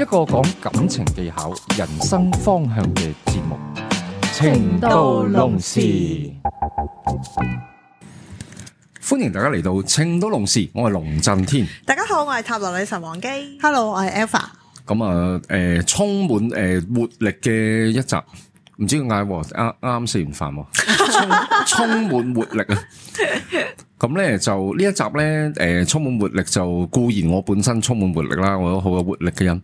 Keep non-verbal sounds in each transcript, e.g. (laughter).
一個講感情技巧、人生方向嘅節目，《情到濃時》。歡迎大家嚟到《情到濃時》，我係龍震天，大家好，我係塔羅女神王姬，Hello，我係 Alpha，咁啊，誒、呃，充滿誒活力嘅一集。唔知點嗌喎，啱啱食完飯，充滿活力啊！咁 (laughs) 咧就呢一集咧，誒、呃，充滿活力就固然我本身充滿活力啦，我有好有活力嘅人。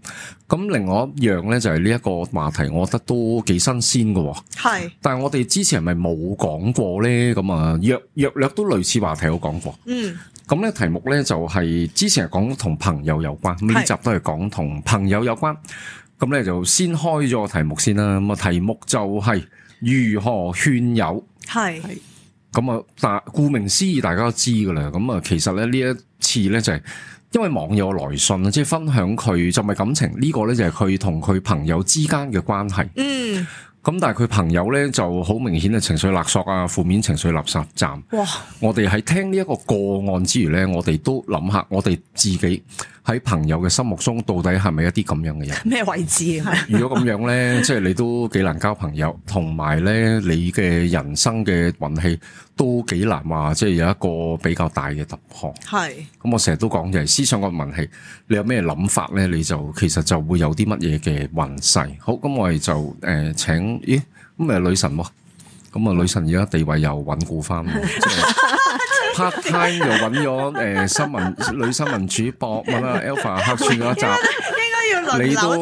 咁另外一樣咧就係呢一個話題，我覺得都幾新鮮㗎，啊。係是，但係我哋之前係咪冇講過咧？咁啊，若若若都類似話題，我講過。嗯，咁咧題目咧就係之前係講同朋友有關，呢是集都係講同朋友有關。咁咧就先開咗個題目先啦，咁啊題目就係、是、如何勸友，係，咁啊大，顧名思義大家都知噶啦，咁啊其實咧呢一次咧就係因為網友來信即係分享佢就咪感情呢、這個咧就係佢同佢朋友之間嘅關係。嗯咁但係佢朋友咧就好明顯嘅情緒勒索啊，負面情緒垃圾站。哇！我哋喺聽呢一個個案之餘咧，我哋都諗下我哋自己喺朋友嘅心目中到底係咪一啲咁樣嘅人？咩位置係？如果咁樣咧，即係 (laughs) 你都幾難交朋友，同埋咧你嘅人生嘅運氣都幾難話，即係有一個比較大嘅突破。係。咁我成日都講就係思想嘅運氣，你有咩諗法咧？你就其實就會有啲乜嘢嘅運勢。好，咁我哋就誒請。咦，咁咪女神喎？咁啊女神而家地位又穩固翻，即係 part time 又揾咗誒，新聞女新聞主播，咁啊 Alpha 客串咗一集。要下你都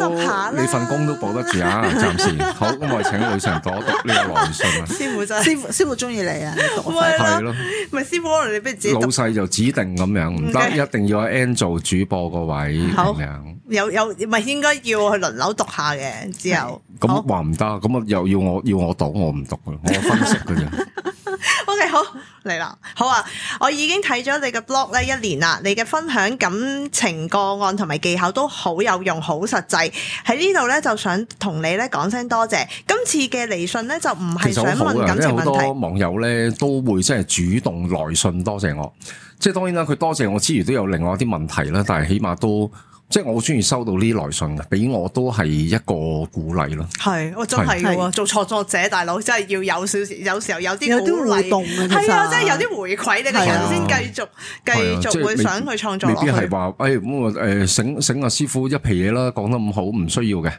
你份工都保得住啊，暫時好，咁我請女神讀一讀呢個來信啊。師傅真係，師傅師傅中意你啊，唔係咯，咪啦師傅你不如自己。老細就指定咁樣，唔得，行一定要 a n 做主播個位咁好樣。有有唔係應該要去輪流讀下嘅，之後咁話唔得，咁啊又要我要我讀我唔讀啊，我分析佢嘅。 (laughs) 哎、好嚟啦，好啊！我已經睇咗你嘅 blog 咧，一年啦，你嘅分享感情個案同埋技巧都好有用，好實際。喺呢度咧就想同你咧講聲多謝。今次嘅嚟信咧就唔係想問感情問題，好啊、好多網友咧都會即係主動來信多謝我。即係當然啦，佢多謝我之餘都有另外一啲問題啦，但係起碼都。即係我好中意收到呢啲來信嘅，俾我都係一個鼓勵咯。係，我、哦、真係喎，是做創作者大佬真係要有少少，有時候有啲互動，係啊，即係有啲回饋你個人先繼續繼、啊、續會想去創作去。啊、未必係話，哎，咁我誒醒醒阿、啊、師傅一皮嘢啦，講得咁好唔需要嘅，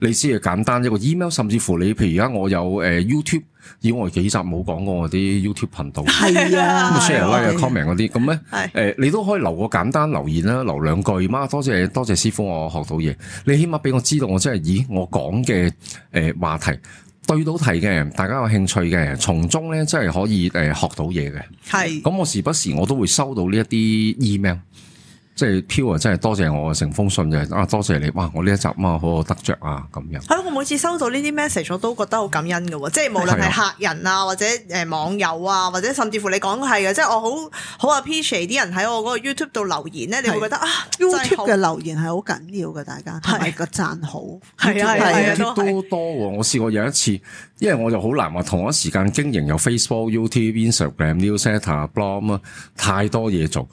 你先係簡單一個 email，甚至乎你譬如而家我有誒、呃、YouTube。以我幾集冇講過我啲 YouTube 頻道，係啊，share、啊、like comment 嗰啲，咁咧，誒，你都可以留個簡單留言啦，留兩句。嘛，多謝多謝師傅，我學到嘢。你起碼俾我知道我，我真係以我講嘅誒話題對到題嘅，大家有興趣嘅，從中咧真係可以誒學到嘢嘅。係、啊，咁我時不時我都會收到呢一啲 email。即係飄啊！真係多謝我啊，成封信嘅、就是、啊！多謝你哇！我呢一集啊，好好得着啊！咁樣係我每次收到呢啲 message，我都覺得好感恩嘅。嗯、即係無論係客人啊，或者誒網友啊，或者甚至乎你講係嘅，的即係我好好 appreciate 啲人喺我個 YouTube 度留言咧，你會覺得啊，YouTube 嘅留言係好緊要嘅。大家係的個讚好係啊係啊都多。我試過有一次，因為我就好難話同一時間經營有 Facebook、YouTube、Instagram、Newsletter、Blog 啊，太多嘢做。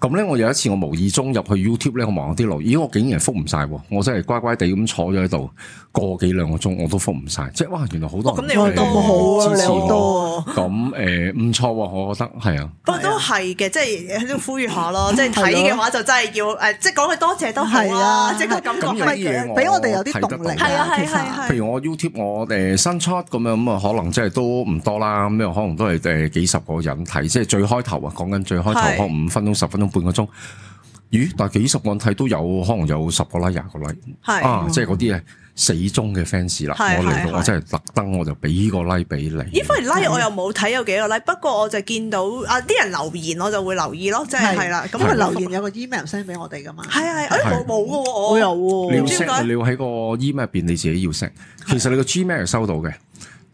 咁咧，我有一次我無意。二中入去 YouTube 咧，我忙啲路，咦，我竟然覆唔晒，我真係乖乖地咁坐咗喺度，個幾兩個鐘我都覆唔晒！即係哇，原來好多人。咁、哦、你好你多啊，你多。咁、嗯、誒，唔錯喎、啊，我覺得係啊。不過都係嘅，即係喺度呼籲下咯。即係睇嘅話，就真係要誒， (laughs) 啊、即係講句多謝都係啦、啊。啊、即係感覺俾我哋有啲動力。係啊，係係、啊、譬如我 YouTube 我誒、呃、新出咁樣咁啊，可能即係都唔多啦。咁樣可能都係誒幾十個人睇，即係最開頭啊，講緊最開頭可能五分鐘、十分，分，分鐘、半個鐘。咦？但係幾十個人睇都有，可能有十個 like、廿個 like 是啊！即係嗰啲係死忠嘅 fans 啦。我嚟到我真係特登，我就俾個 like 俾你。咦，依番 like 我又冇睇有，有幾個 like，是不過我就見到啊啲人留言，我就會留意咯。即係係啦，咁佢是留言有個 email send 俾我哋噶嘛。係啊係，誒我冇嘅喎，我，我有喎。你要喺個 email 入邊你自己要食。其實你個 gmail 收到嘅。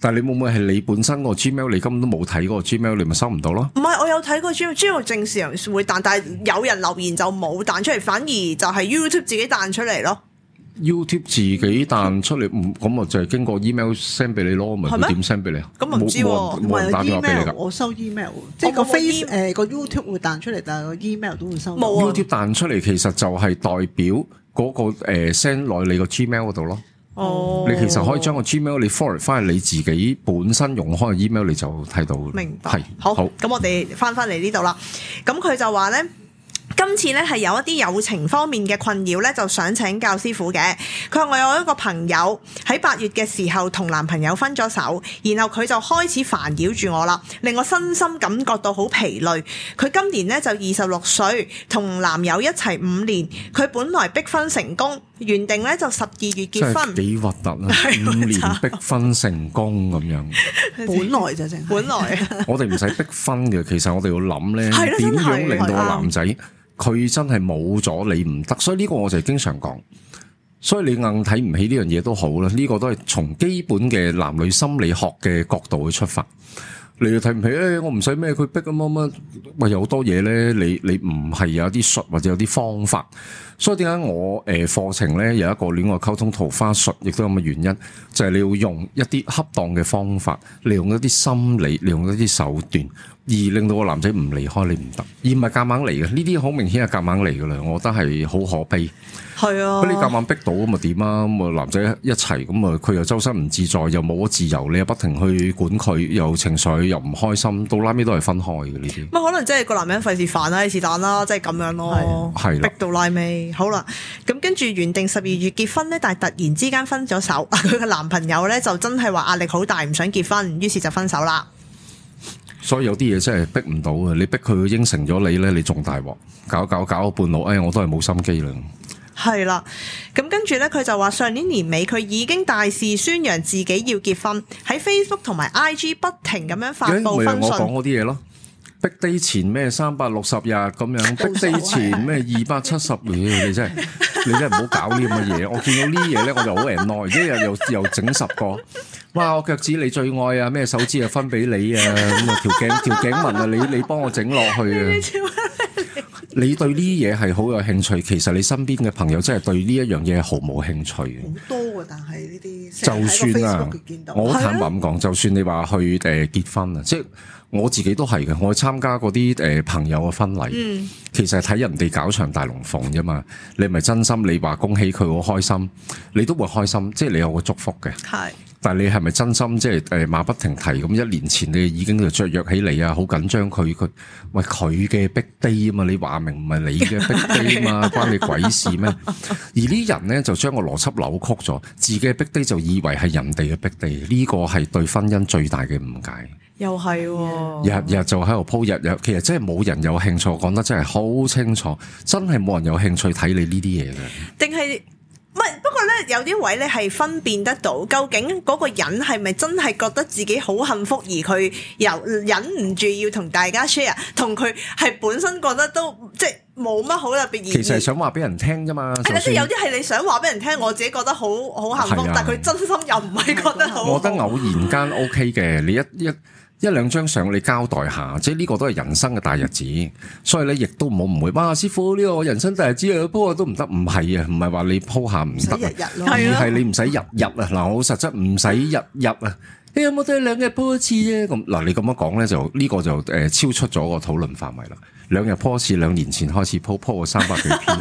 但係你會唔會係你本身個 Gmail 你根本都冇睇過 Gmail 你咪收唔到咯？唔係，我有睇過 Gmail，Gmail 正常會彈，但係有人留言就冇彈出嚟，反而就係 you YouTube 自己彈出嚟咯。YouTube 自己彈出嚟，唔咁啊就係經過 email send 俾你咯，咪點 send 俾你？咁我唔知喎、啊，唔係 e m a i 噶，ail，我收 email，即係個 face 誒個 YouTube 會彈出嚟，但係個 email 都會收到。冇啊 YouTube 彈出嚟，其實就係代表嗰個誒 send 落你個 Gmail 嗰度咯。Oh. 你其實可以將個 Gmail 你 forward 翻去你自己本身用開嘅 email，你就睇到。明白。係是。好。好。咁我哋翻翻嚟呢度啦。咁佢就話咧，今次咧係有一啲友情方面嘅困擾咧，就想請教師傅嘅。佢話我有一個朋友喺八月嘅時候同男朋友分咗手，然後佢就開始煩擾住我啦，令我身心感覺到好疲累。佢今年咧就二十六歲，同男友一齊五年，佢本來逼婚成功，原定咧就十二月結婚。幾核突啊！五年逼婚成功咁樣， (laughs) 本來就正。本來 (laughs) 我哋唔使逼婚嘅。其實我哋要諗咧，點樣令到個男仔？佢真係冇咗你唔得，所以呢個我就經常講。所以你硬睇唔起呢樣嘢都好啦，呢個都係從基本嘅男女心理學嘅角度去出發。你又睇唔起咧，我唔使咩？佢逼咁乜乜，喂，有好多嘢咧，你你唔係有啲術或者有啲方法。所以點解我誒課程咧，有一個戀愛溝通桃花術，亦都有咁嘅原因，就係、是、你要用一啲恰當嘅方法，利用一啲心理，利用一啲手段，而令到個男仔唔離開你唔得，而唔係夾硬嚟嘅。呢啲好明顯係夾硬嚟㗎啦，我覺得係好可悲。係啊，你夾硬逼到咁咪點啊？咁啊男仔一齊咁啊，佢又周身唔自在，又冇咗自由，你又不停去管佢，又情緒又唔開心，到拉尾都係分開嘅呢啲。可能即係個男人費事煩啦，是但、啊、啦，即係咁樣咯。係逼到拉尾。好啦，咁跟住原定十二月結婚咧，但係突然之間分咗手，佢嘅男朋友咧就真係話壓力好大，唔想結婚，於是就分手啦。所以有啲嘢真係逼唔到啊！你逼佢應承咗你咧，你仲大鑊，搞搞搞到半路，哎，我都係冇心機啦。係啦，咁跟住咧，佢就話上年年尾佢已經大肆宣揚自己要結婚，喺 Facebook 同埋 IG 不停咁樣發佈婚訊。因為我講嗰啲嘢咯。逼低前咩三百六十日咁樣，逼低手前咩二百七十日，你真係你真係唔好搞呢咁嘅嘢。我見到呢嘢咧，我就好無奈，一日又又，又整十個，哇！我腳趾你最愛啊，咩手指啊分俾你啊，咁啊條頸條頸紋啊，你你幫我整落去啊。你對呢嘢係好有興趣，其實你身邊嘅朋友真係對呢一樣嘢毫無興趣好多就算啊，我坦白咁講，就算你話去誒、呃、結婚啊，即係我自己都係嘅，我去參加嗰啲誒朋友嘅婚禮，嗯、其實係睇人哋搞場大龍鳳啫嘛。你係咪真心，你話恭喜佢，好開心，你都會開心，即係你有個祝福嘅。係。但你係咪真心，即係誒，馬不停蹄咁一年前你已經就雀躍起嚟啊？好緊張佢佢，喂佢嘅逼低啊嘛！你話明唔係你嘅逼低啊嘛？ (laughs) 關你鬼事咩？而啲人咧就將個邏輯扭曲咗，自己嘅逼低就以為係人哋嘅逼低，呢個係對婚姻最大嘅誤解。又係日日就喺度鋪日日，其實真係冇人有興趣講得真係好清楚，真係冇人有興趣睇你呢啲嘢嘅。定係。有啲位咧係分辨得到，究竟嗰個人係咪真係覺得自己好幸福，而佢又忍唔住要同大家 share，同佢係本身覺得都即係冇乜好特別。其實想話俾人聽啫嘛，係啦、哎，即係算有啲係你想話俾人聽，我自己覺得好好幸福，啊、但係佢真心又唔係覺得好、啊。我覺得偶然間 OK 嘅， (laughs) 你一一。一兩張相你交代下，即係呢個都係人生嘅大日子，所以咧亦都唔好誤會。哇、啊，師傅呢、呢個人生大日子啊！po 下都唔得，唔係啊，唔係話你 p 下唔得啊，係你唔使日日啊。嗱，我實質唔使日日啊。你有冇得兩日 p 一次啫？咁嗱，你咁樣講咧就呢個就誒超出咗個討論範圍啦。兩日 p 一次，兩年前開始 po po 過三百幾篇，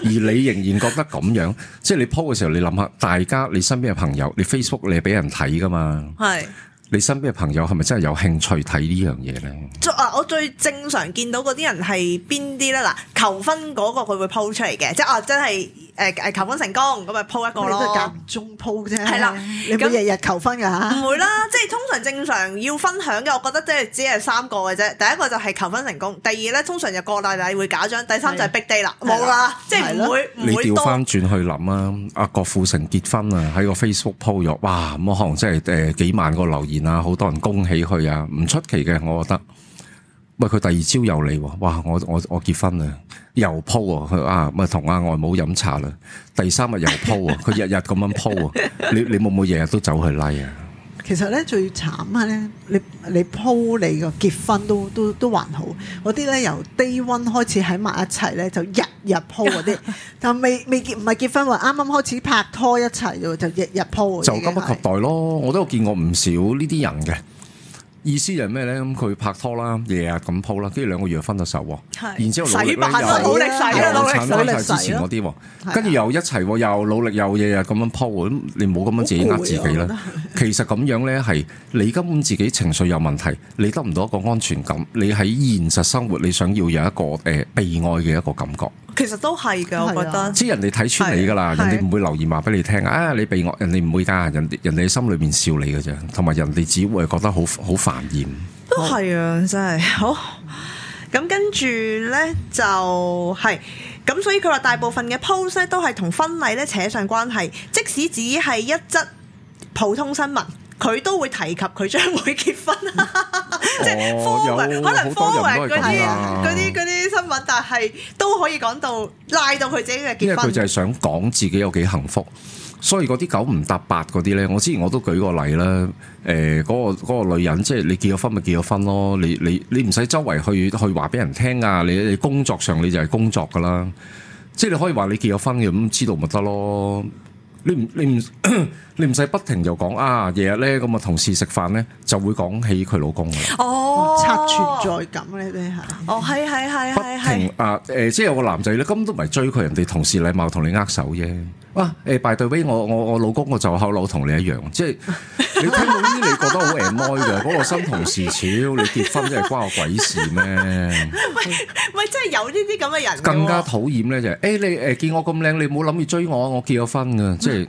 (laughs) 而你仍然覺得咁樣，即係你 p 嘅時候，你諗下大家你身邊嘅朋友，你 Facebook 你係俾人睇噶嘛？係的。你身邊嘅朋友係咪真係有興趣睇呢樣嘢咧？即我最正常見到嗰啲人係邊啲咧？嗱，求婚嗰個佢會 po 出嚟嘅，即係哦，真係誒誒求婚成功，咁咪 po 一個咯、嗯。你都間中 po 啫。係啦，你日日求婚㗎嚇？唔、嗯、會啦，即係通常正常要分享嘅，我覺得即係只係三個嘅啫。第一個就係求婚成功，第二咧通常就過大禮會假裝，第三就係 big day 啦，冇啦，即係唔會唔會多。你調翻轉去諗啊！阿郭、啊啊、富城結婚啊，喺個 Facebook po 咗，哇！咁可能真係誒幾萬個留言。啊！好多人恭喜佢啊，唔出奇嘅，我覺得。喂，佢第二朝又嚟，哇！我我我結婚啊，又鋪佢啊，咪同阿外母飲茶啦。第三日又鋪啊，佢日日咁樣鋪啊。 (laughs) 你你會唔會日日都走去 like 啊？其實咧最慘咧，你你鋪你個結婚都都都還好，嗰啲咧由低溫開始喺埋一齊咧，就日日鋪嗰啲， (laughs) 但未未結唔係結婚喎，啱啱開始拍拖一齊啫就日日鋪。就急不及待咯， (laughs) 我都有見過唔少呢啲人嘅。意思就係咩咧？咁佢拍拖啦，夜啊咁鋪啦，跟住兩個月分咗手喎。的然之後努力又又產女之前嗰啲，跟住的又一齊，又努力又日啊咁樣鋪。的你唔好咁樣自己呃自己啦。啊、其實咁樣咧係你根本自己情緒有問題，你得唔到一個安全感。你喺現實生活，你想要有一個誒被愛嘅一個感覺。其實都係㗎，的我覺得。即人哋睇穿你㗎喇，的人哋唔會留言話俾你聽的啊！你被惡人，你唔會噶，人哋人哋心裏面笑你㗎啫，同埋人哋只會覺得好好煩厭。都係啊，真係好。咁跟住咧就係咁，所以佢話大部分嘅 post 都係同婚禮咧扯上關係，即使只係一則普通新聞。佢都會提及佢將會結婚，即係可能科位、啊，嗰啲嗰啲嗰啲新聞，但係都可以講到拉到佢自己嘅結婚。因為佢就係想講自己有幾幸福，所以嗰啲九唔搭八嗰啲咧，我之前我都舉過例、呃那個例啦。誒，嗰個女人，即係你結咗婚咪結咗婚咯？你你你唔使周圍去去話俾人聽啊！你你工作上你就係工作噶啦，即係你可以話你結咗婚咁知道咪得咯？你唔你唔。你 (coughs) 你唔使不停就講啊！日日咧咁啊，同事食飯咧就會講起佢老公噶啦。哦，刷存在感咧，你下。哦，係係係係係。不停啊！誒，即係有個男仔咧，咁都唔係追佢，人哋同事禮貌同你握手啫。哇！誒，拜對飛我，我我老公我就後腦同你一樣，即係你聽到呢啲，你覺得好哀嘅，講我新同事少，你結婚真係關我鬼事咩？喂喂，真係有呢啲咁嘅人。更加討厭咧就係誒你誒見我咁靚，你唔好諗住追我啊！我結咗婚噶，即係。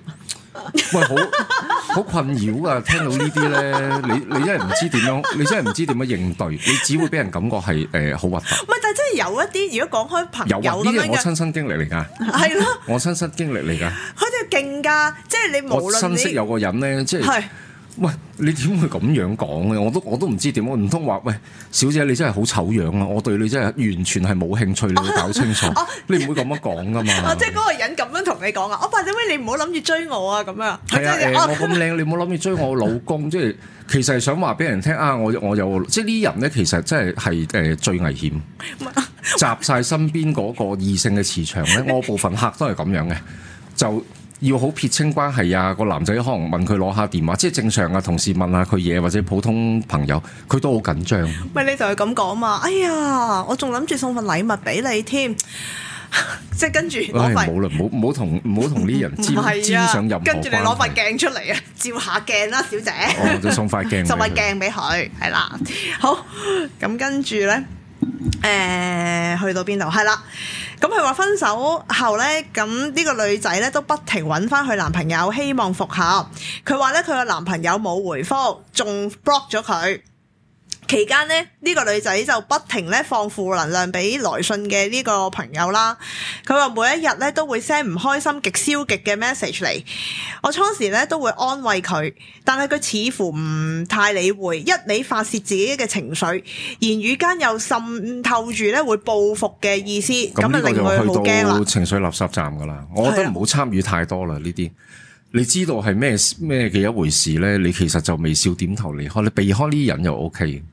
(laughs) 喂，好好困擾啊！聽到呢啲咧，你你真係唔知點樣，你真係唔知點樣應對，你只會俾人感覺係誒好核突。唔、呃、係， (laughs) 但係真係有一啲，如果講開朋友呢啲係我親身經歷嚟噶，係咯的， (laughs) 我親身經歷嚟噶，佢哋勁噶，即係你無論你，我認識有個人咧，即、就、係、是。喂，你點會咁樣講嘅？我都我都唔知點，我唔通話喂小姐你真係好醜樣啊！我對你真係完全係冇興趣，你要搞清楚，oh, 你唔會咁樣講㗎嘛？I, I, I, 即係嗰個人咁樣同你講啊！我話你喂，你唔好諗住追我啊！咁樣係啊，我咁靚，你唔好諗住追我老公。即係 (laughs) 其實係想話俾人聽啊！我我有即係呢啲人咧，其實真係係誒最危險，集晒身邊嗰個異性嘅磁場咧。我部分客都係咁樣嘅，就。要好撇清關係啊！個男仔可能問佢攞下電話，即係正常啊。同事問下佢嘢，或者普通朋友，佢都好緊張。咪你就係咁講嘛！哎呀，我仲諗住送份禮物俾你添，即係跟住。唉，冇啦，冇好同冇同啲人沾、啊、沾上任何關係。跟住你攞塊鏡出嚟啊，照下鏡啦、啊，小姐。 (laughs) 哦、我就送塊鏡，送塊鏡俾佢，係啦。好，咁跟住咧。誒，去到邊度？係啦，咁佢話分手後呢，咁呢個女仔呢都不停揾翻佢男朋友，希望復合。佢話呢，佢個男朋友冇回覆，仲 block 咗佢。期間呢，呢個女仔就不停咧放負能量俾來信嘅呢個朋友啦。佢話每一日咧都會 send 唔開心極消極嘅 message 嚟。我初時咧都會安慰佢，但係佢似乎唔太理會，一味發泄自己嘅情緒，言語間又滲透住咧會報復嘅意思。咁啊，令佢好驚啦。去到情緒垃圾站噶啦，我都唔好參與太多啦。呢啲的你知道係咩咩嘅一回事咧？你其實就微笑點頭離開，你避開呢啲人又 OK。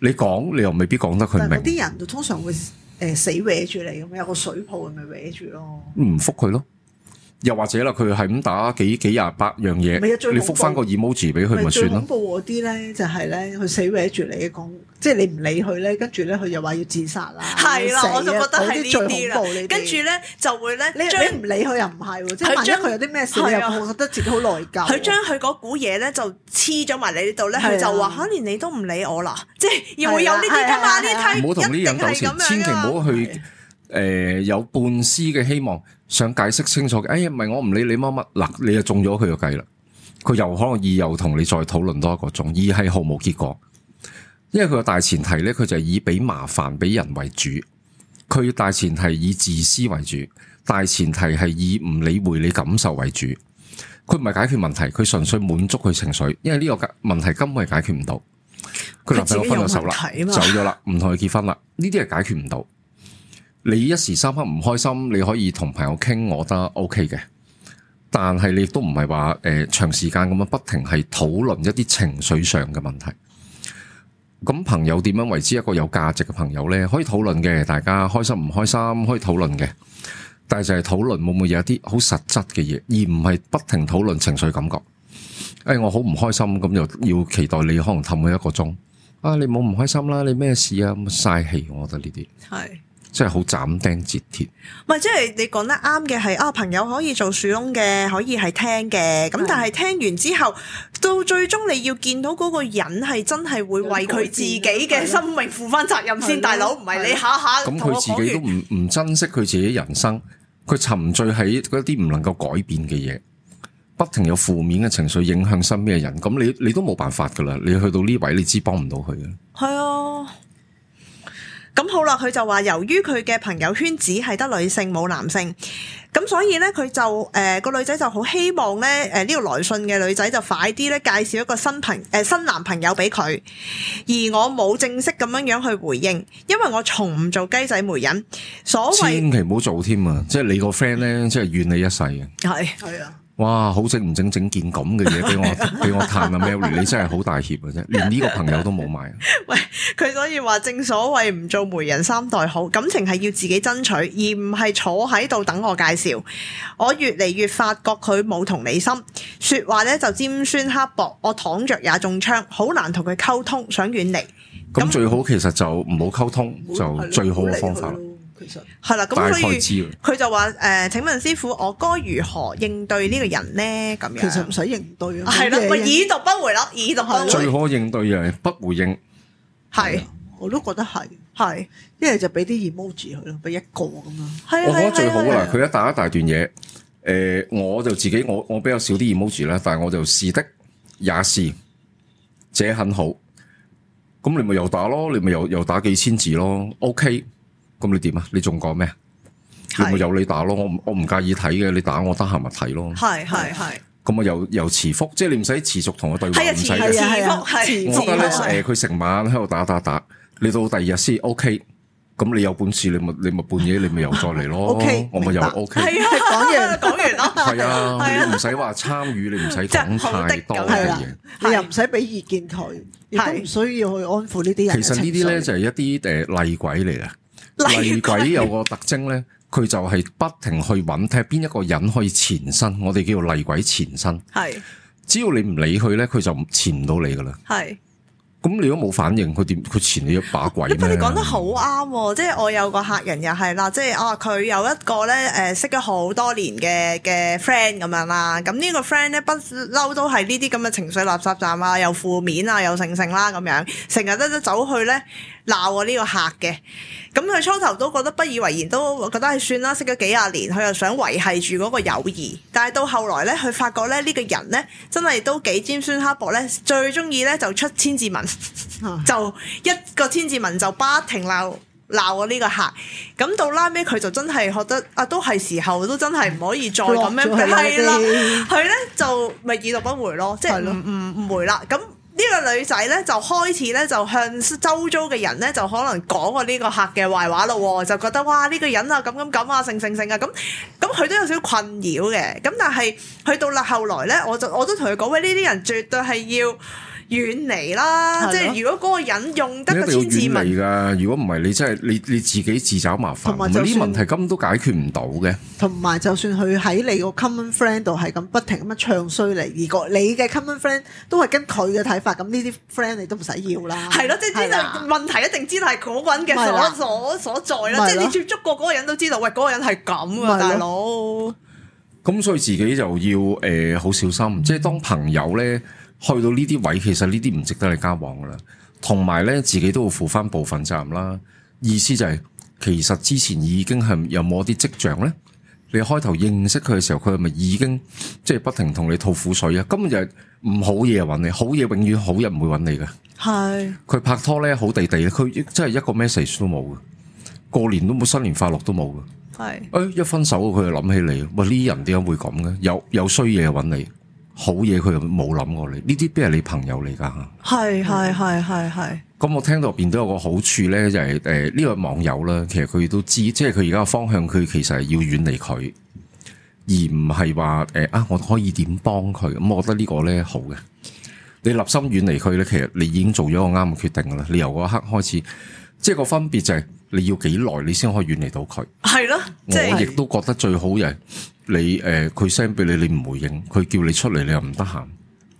你講你又未必講得佢明，啲人就通常會誒、呃、死歪住你咁，有個水泡咪歪住咯，唔覆佢咯。又或者啦，佢係咁打幾幾廿八樣嘢，你覆返個 emoji 俾佢咪算咯。最恐怖啲咧就係咧，佢死搲住你講，即係你唔理佢咧，跟住咧佢又話要自殺啦。係啦，我就覺得係呢啲啦。跟住咧就會咧，你你唔理佢又唔係，即係萬一佢有啲咩事又覺得自己好內疚。佢將佢嗰股嘢咧就黐咗埋你呢度咧，佢就話可連你都唔理我啦，即係又會有呢啲噶嘛。呢睇唔好同呢種糾纏，千祈唔好去。誒、呃，有半絲嘅希望想解釋清楚嘅，哎呀，唔係我唔理你乜乜，嗱，你就中咗佢個計啦，佢又可能意又同你再討論多一個鐘，而係毫無結果，因為佢個大前提咧，佢就係以俾麻煩俾人為主，佢大前提以自私為主，大前提係以唔理會你感受為主。佢唔係解決問題，佢純粹滿足佢情緒，因為呢個問題根本係解決唔到。佢男朋友分咗手啦，走咗啦，唔同佢結婚啦，呢啲係解決唔到。你一時三刻唔開心，你可以同朋友傾，我覺得 O K 嘅。但係你都唔係話誒，長時間咁樣不停係討論一啲情緒上嘅問題。咁朋友點樣為之一個有價值嘅朋友呢？可以討論嘅，大家開心唔開心可以討論嘅。但係就係討論會唔會有一啲好實質嘅嘢，而唔係不停討論情緒感覺。誒、哎，我好唔開心咁，又要期待你可能氹我一個鐘啊！你冇唔開心啦，你咩事啊？咁嘥氣，我覺得呢啲係。即係好斬釘截鐵，唔係，即係你講得啱嘅，係啊，朋友可以做樹窿嘅，可以係聽嘅，咁的但係聽完之後，到最終你要見到嗰個人係真係會為佢自己嘅生命負翻責任先，的大佬唔係你下下咁佢自己都唔唔珍惜佢自己人生，佢沉醉喺嗰啲唔能夠改變嘅嘢，不停有負面嘅情緒影響身邊嘅人，咁你你都冇辦法噶啦，你去到呢位你知幫唔到佢嘅，係啊。咁好啦，佢就話由於佢嘅朋友圈只係得女性冇男性，咁所以呢，佢就誒個、呃、女仔就好希望呢，誒呢個來信嘅女仔就快啲呢介紹一個新朋誒、呃、新男朋友俾佢，而我冇正式咁樣樣去回應，因為我從唔做雞仔媒人，所謂千祈唔好做添啊！即係你個 friend 呢，即係怨你一世啊。係係啊。哇！好正唔整整見咁嘅嘢俾我俾我嘆 (laughs) 啊 Mary 你真係好大歉啊。啫，連呢個朋友都冇埋。喂，佢所以話正所謂唔做媒人三代好，感情係要自己爭取，而唔係坐喺度等我介紹。我越嚟越發覺佢冇同理心，說話咧就尖酸刻薄，我躺着也中槍，好難同佢溝通，想遠離。咁這樣 最好其實就唔好溝通，嗯、就最好嘅方法。係啦，咁所以佢就話誒，請問師傅，我該如何應對呢個人咧？咁樣其實唔使應對，係啦，咪已讀不回咯，已讀不回。最可應對嘅係不回應，係我都覺得係，係一係就俾啲 emoji 佢咯，俾一個咁樣。我覺得最好噶啦，佢一打一大段嘢，誒，我就自己我我比較少啲 emoji 咧，但係我就是的也是，這很好。咁你咪又打咯，你咪又又打幾千字咯，OK。咁你點啊？你仲講咩？有咪是由你打咯？我我唔介意睇嘅，你打我得閒咪睇咯。係係係。咁啊、嗯，又由遲覆，即係你唔使持續同佢對話，唔使、啊。遲覆，啊、我覺得咧。佢成、啊、晚喺度打,打打打，你到第二日先、OK, 啊。O K，咁你有本事，你咪你咪半夜，你咪又再嚟咯。O K，我咪又 O K。係啊，講嘢講完咯。係啊，你唔使話參與，你唔使講太多嘅嘢，又唔使俾意見佢，亦都唔需要去安撫呢啲人。其實呢啲咧就係一啲誒厲鬼嚟嘅。呃厲鬼，鬼有個特徵咧，佢就係不停去揾睇邊一個人可以前身，我哋叫做厲鬼前身。係是，只要你唔理佢咧，佢就潛唔到你噶啦。係是，咁你都冇反應，佢點佢潛你一把鬼？你講得好啱，即係我有個客人又係啦，即係啊，佢有一個咧誒識咗好多年嘅嘅 friend 咁樣啦，咁呢個 friend 咧不嬲都係呢啲咁嘅情緒垃圾站啊，又負面啊，又盛性啦咁樣，成日都都走去咧。鬧我呢個客嘅，咁佢初頭都覺得不以為然，都覺得係算啦，識咗幾廿年，佢又想維繫住嗰個友誼，但係到後來咧，佢發覺咧呢個人咧真係都幾尖酸刻薄咧，最中意咧就出千字文，啊、就一個千字文就不停鬧鬧我呢個客，咁到拉尾佢就真係覺得啊，都係時候都真係唔可以再咁樣係啦，佢咧就咪已讀不回咯，即係唔唔唔回啦，咁。呢個女仔咧就開始咧就向周遭嘅人咧就可能講過呢個客嘅壞話咯，就覺得哇，呢個人啊，咁咁咁啊，性性性啊咁咁，佢都有少少困擾嘅，咁但係去到啦後來咧，我就我都同佢講，喂，呢啲人絕對係要，遠離啦，的即係如果嗰個人用得千字文噶如果唔係你真係你你自己自找麻煩，呢啲問題根本都解決唔到嘅。同埋就算佢喺你個 common friend 度係咁不停咁樣唱衰你，而個你嘅 common friend 都係跟佢嘅睇法，咁呢啲 friend 你都唔使要啦。係咯，即係知道問題一定知道係嗰個人嘅所的所所在啦。的即係你接觸過嗰個人都知道，喂，嗰個人係咁啊，的大佬哥。咁所以自己就要誒、呃、好小心，即係當朋友咧。去到呢啲位，其實呢啲唔值得你交往噶啦。同埋咧，自己都會負翻部分責任啦。意思就係、是，其實之前已經係有冇啲跡象咧？你開頭認識佢嘅時候，佢係咪已經即係不停同你吐苦水啊？今日唔好嘢揾你，好嘢永遠好人唔會揾你噶。係是。佢拍拖咧，好地地，佢真係一個 message 都冇嘅。過年都冇新年快樂都冇嘅。係是。哎、欸，一分手佢就諗起你，喂，呢啲人點解會咁嘅？有有衰嘢揾你。好嘢，佢冇諗過你。呢啲邊係你朋友嚟噶？係係係係係。咁、嗯、我聽到邊都有個好處咧，就係誒呢個網友啦，其實佢都知，即係佢而家個方向，佢其實係要遠離佢，而唔係話誒啊，我可以點幫佢？咁我覺得個呢個咧好嘅。你立心遠離佢咧，其實你已經做咗個啱嘅決定噶啦。你由嗰一刻開始。即係個分別就係你要幾耐你先可以遠離到佢，係咯。即係我亦都覺得最好嘅你誒，佢 send 俾你你唔回應，佢叫你出嚟你又唔得閒，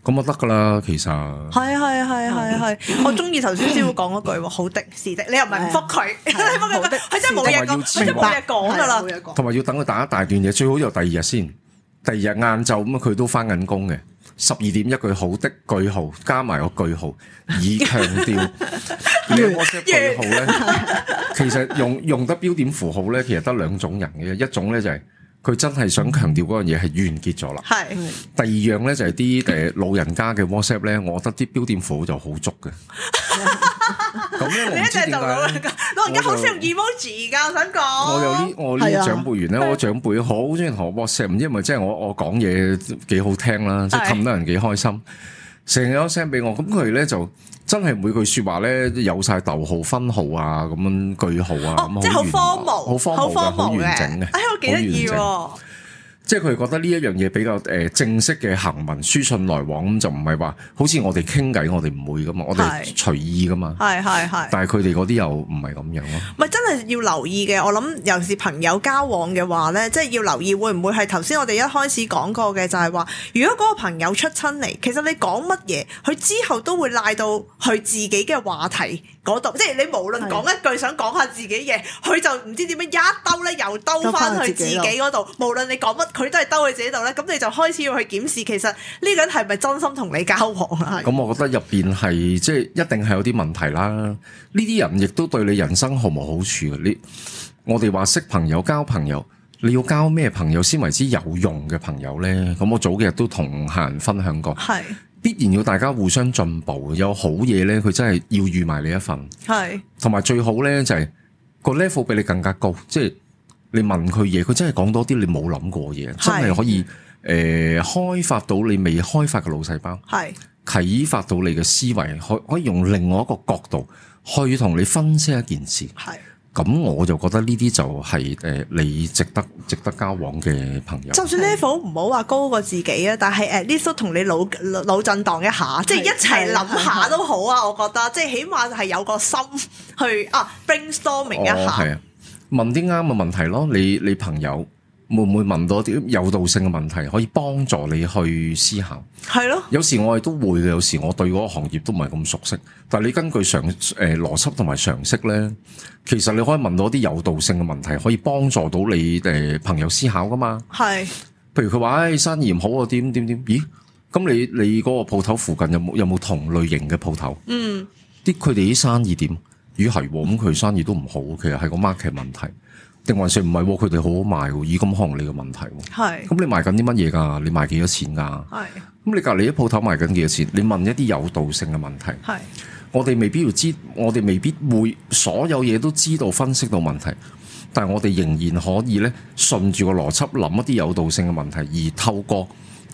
咁就得㗎啦。其實係係係係係，我中意頭先先會講嗰句好的是的，你又唔係唔覆佢，唔覆佢係真係冇嘢講，冇嘢講㗎啦。同埋要等佢打一大段嘢，最好就第二日先，第二日晏晝咁佢都返緊工嘅。十二點一句好的句號，加埋個句號，以強調呢 (laughs) 個只句號咧， (laughs) (laughs) 其實用，用得標點符號咧，其實得兩種人嘅，一種咧就係、是。佢真係想強調嗰樣嘢係完結咗啦。是第二樣咧就係啲誒老人家嘅 WhatsApp 咧，我覺得啲標點符號就好足嘅。你一直做老人家，老人家好少用 emoji 㗎，我想講。我有啲我啲長輩員咧，我長輩好中意同我，我 WhatsApp，唔知因為即係我我講嘢幾好聽啦，是即係氹得人幾開心。成咗聲俾我，咁佢咧就真係每句說話咧有晒逗號、分號啊，咁樣句號啊，哦，嗯、即係好荒謬，好荒謬，好完整嘅哎，我幾得意。即係佢哋覺得呢一樣嘢比較誒正式嘅行文書信來往咁就唔係話好似我哋傾偈，是我哋唔會噶嘛，我哋隨意噶嘛。係係係。但係佢哋嗰啲又唔係咁樣咯。唔係真係要留意嘅，我諗尤其是朋友交往嘅話咧，即係要留意會唔會係頭先我哋一開始講過嘅，就係話如果嗰個朋友出親嚟，其實你講乜嘢，佢之後都會賴到佢自己嘅話題。度，即係你無論講一句是的 想講下自己嘢，佢就唔知點樣一兜咧，又兜翻去自己嗰度。無論你講乜，佢都係兜去自己度咧。咁你就開始要去檢視，其實呢個人係咪真心同你交往啊？咁是的 我覺得入邊係即係一定係有啲問題啦。呢啲人亦都對你人生毫無好處。你我哋話識朋友、交朋友，你要交咩朋友先為之有用嘅朋友咧？咁我早幾日都同客人分享過。係。必然要大家互相進步，有好嘢呢，佢真係要預埋你一份。係是，同埋最好呢，就係個 level 比你更加高，即係你問佢嘢，佢真係講多啲你冇諗過嘢，是真係可以誒、呃、開發到你未開發嘅腦細胞，係是啟發到你嘅思維，可可以用另外一個角度去同你分析一件事。咁我就覺得呢啲就係、是、誒、呃、你值得值得交往嘅朋友。就算 level 唔好話高過自己啊，但係誒 at least 同你腦腦震盪一下，是即係一齊諗下都好啊！我覺得即係起碼係有個心去啊 brainstorming 一下，哦啊、問啲啱嘅問題咯。你你朋友。會唔會問到啲有道性嘅問題，可以幫助你去思考？係咯的，有時我哋都會嘅。有時我對嗰個行業都唔係咁熟悉，但係你根據常誒邏輯同埋常識咧，其實你可以問到啲有道性嘅問題，可以幫助到你誒、呃、朋友思考噶嘛？係是。譬如佢話誒生意唔好啊，點點點？咦，咁你你嗰個鋪頭附近有冇有冇同類型嘅鋪頭？嗯，啲佢哋啲生意點？如果係咁，佢生意都唔好，其實係個 market 問題。定還是唔係喎，佢哋好好賣喎，咁可能你嘅問題喎。係是。咁你賣緊啲乜嘢㗎？你賣幾多錢㗎？係是。咁你隔離啲鋪頭賣緊幾多錢？你問一啲有道性嘅問題。係是。我哋未必要知，我哋未必會所有嘢都知道分析到問題，但係我哋仍然可以咧順住個邏輯諗一啲有道性嘅問題，而透過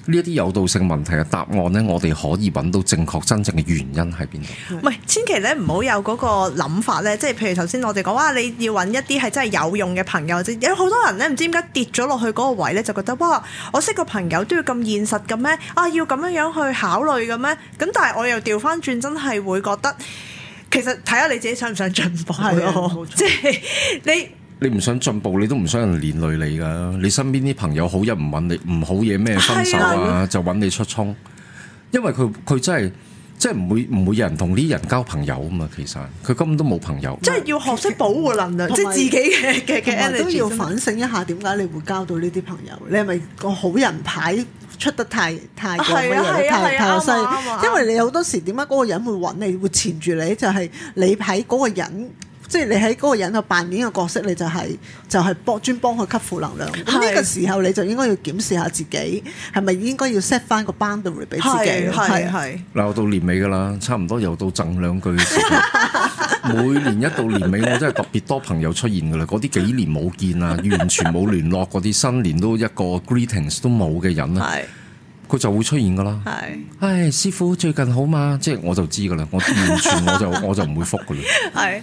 呢一啲有道性問題嘅答案呢，我哋可以揾到正確真正嘅原因喺邊度？唔係千祈咧，唔好有嗰個諗法呢。即係譬如頭先我哋講話，你要揾一啲係真係有用嘅朋友，即係有好多人呢，唔知點解跌咗落去嗰個位呢，就覺得哇，我識個朋友都要咁現實嘅咩？啊，要咁樣樣去考慮嘅咩？咁但係我又調翻轉，真係會覺得其實睇下你自己想唔想進步咯。即係你。你唔想進步，你都唔想人連累你噶。你身邊啲朋友好嘢唔揾你，唔好嘢咩分手啊，的就揾你出倉。因為佢佢真係，真係唔會唔會有人同呢人交朋友啊嘛。其實佢根本都冇朋友。嗯、即係要學識保護能量，即係實有自己嘅嘅嘅都要反省一下，點解你會交到呢啲朋友？的你係咪個好人牌出得太太太太？因為你有好多時點解嗰個人會揾你，會纏住你，就係、是、你喺嗰個人。即係你喺嗰個人度扮演嘅角色，你就係、是、就係幫專幫佢吸負能量。咁呢是個時候你就應該要檢視下自己，係咪應該要 set 翻個 boundary 俾自己？係係。嗱，我到年尾噶啦，差唔多又到贈兩句嘅時候。 (laughs) 每年一到年尾，我真係特別多朋友出現噶啦，嗰啲幾年冇見啊，完全冇聯絡嗰啲，新年都一個 greetings 都冇嘅人咧，佢是就會出現噶啦。係是，唉，師傅最近好嘛？即係我就知噶啦，我完全我就我就唔會覆噶啦。係。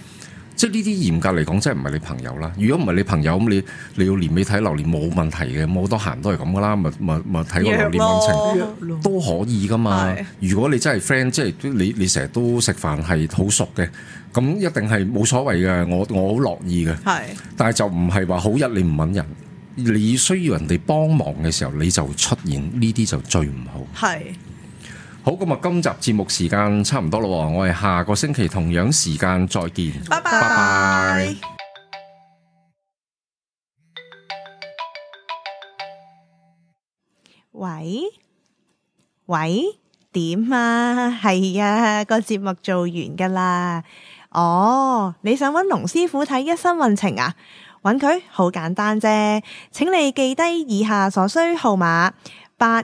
即係呢啲嚴格嚟講，即係唔係你朋友啦。如果唔係你朋友咁，你你要年尾睇流年冇問題嘅，冇多閑都係咁噶啦。咪咪咪睇個流年運程都可以噶嘛。是如果你真係 friend，即係你你成日都食飯係好熟嘅，咁一定係冇所謂嘅。我我好樂意嘅。係是，但係就唔係話好日。你唔揾人，你需要人哋幫忙嘅時候，你就出現呢啲就最唔好。係。好，咁啊，今集節目時間差唔多咯，我哋下個星期同樣時間再見，拜拜拜拜。喂喂，點啊？係呀，啊，個節目做完噶啦。哦，你想揾龍師傅睇一生運程啊？揾佢好簡單啫，請你記低以下所需號碼八。